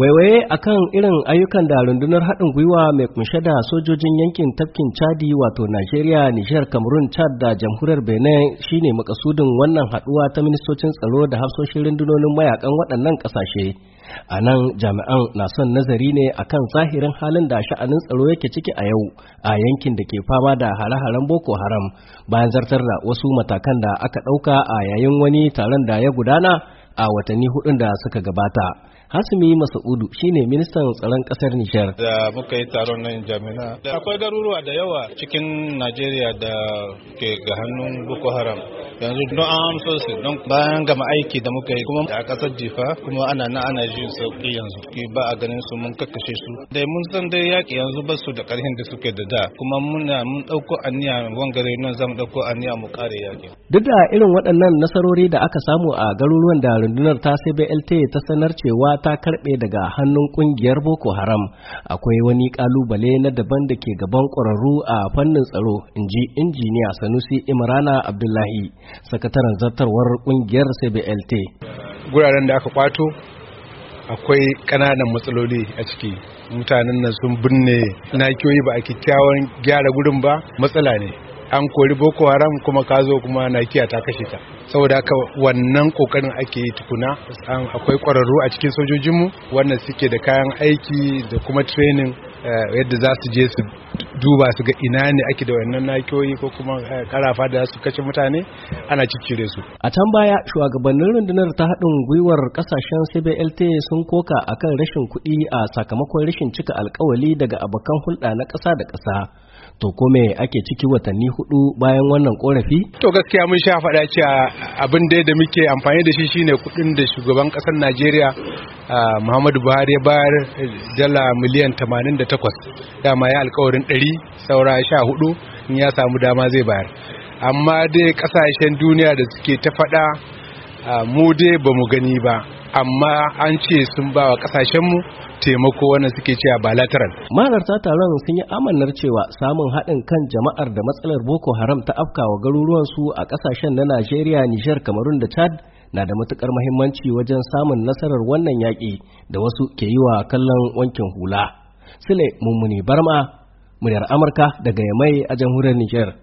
waiwaye kan irin ayyukan da rundunar haɗin gwiwa mai kunshe da sojojin yankin tafkin chadi wato najeriya nijar cameroon chad da jamhuriyar benin shine makasudin wannan haɗuwa ta ministocin tsaro da hafsoshin rundunonin mayakan waɗannan ƙasashe a nan jami'an na son nazari ne akan zahirin halin da sha'anin tsaro yake ciki a yau a yankin da ke fama da hare-haren boko haram bayan zartar da wasu matakan da aka ɗauka a yayin wani taron da ya gudana a watanni hudun da suka gabata Hasumi Masaudu shine ministan tsaron kasar Nijar. Da muka yi taron nan jami'a. Da akwai garuruwa da yawa cikin Najeriya da ke ga hannun Boko Haram. Yanzu don an amsa su don bayan gama aiki da muka yi kuma a kasar Jifa kuma ana na ana jin sauki yanzu. Ba a ganin su mun kakkashe su. Dai mun san dai yaƙi yanzu ba su da ƙarfin da suke da da kuma muna mun ɗauko aniya wangare nan zamu ɗauko aniya mu kare yaƙi. Duk da irin waɗannan nasarori da aka samu a garuruwan da rundunar ta CBLT ta sanar cewa ta karɓe daga hannun ƙungiyar Boko Haram akwai wani ƙalubale na daban da ke gaban ƙwararru a fannin tsaro in ji injiniya Sanusi Imrana Abdullahi sakataren zartarwar ƙungiyar CBLT. Guraren da aka kwato akwai ƙananan matsaloli a ciki mutanen nan sun binne nakiyoyi ba a kyakkyawan gyara gurin ba matsala ne an kori boko haram kuma ka zo kuma kiya ta kashe ta saboda haka wannan kokarin ake yi tukuna akwai kwararru a cikin sojojinmu wannan suke da kayan aiki da kuma training eh, yadda za su je su duba su ga ina ne ake da wannan nakiyoyi ko kuma eh, karafa da su kashe mutane ana ciccire su. A can baya shugabannin rundunar ta haɗin gwiwar kasashen CBLT sun koka akan rashin kuɗi a sakamakon rashin cika alkawali daga abokan hulɗa na ƙasa da ƙasa. to kome ake ciki watanni hudu bayan wannan korafi to gaskiya mun sha faɗa cewa abin da da muke amfani da shi shine kudin da shugaban ƙasar Najeriya Muhammadu Buhari ya bayar dala miliyan 88 dama ya alkawarin 100 saura 14 in ya samu dama zai bayar amma dai kasashen duniya da suke ta faɗa Ah, mu dai ba mu gani ba amma an ce sun ba wa kasashenmu taimako wanda suke cewa bilateral. Malarta taron sun yi amannar cewa samun haɗin kan jama'ar da matsalar Boko Haram ta afkawa garuruwansu a ƙasashen na Najeriya, Nijar, Kamarun da Chad na da matukar muhimmanci wajen samun nasarar wannan yaƙi da wasu ke yi wa kallon wankin hula. Sule Mummuni Barma, muryar Amurka daga Yamai a jamhuriyar Nijar.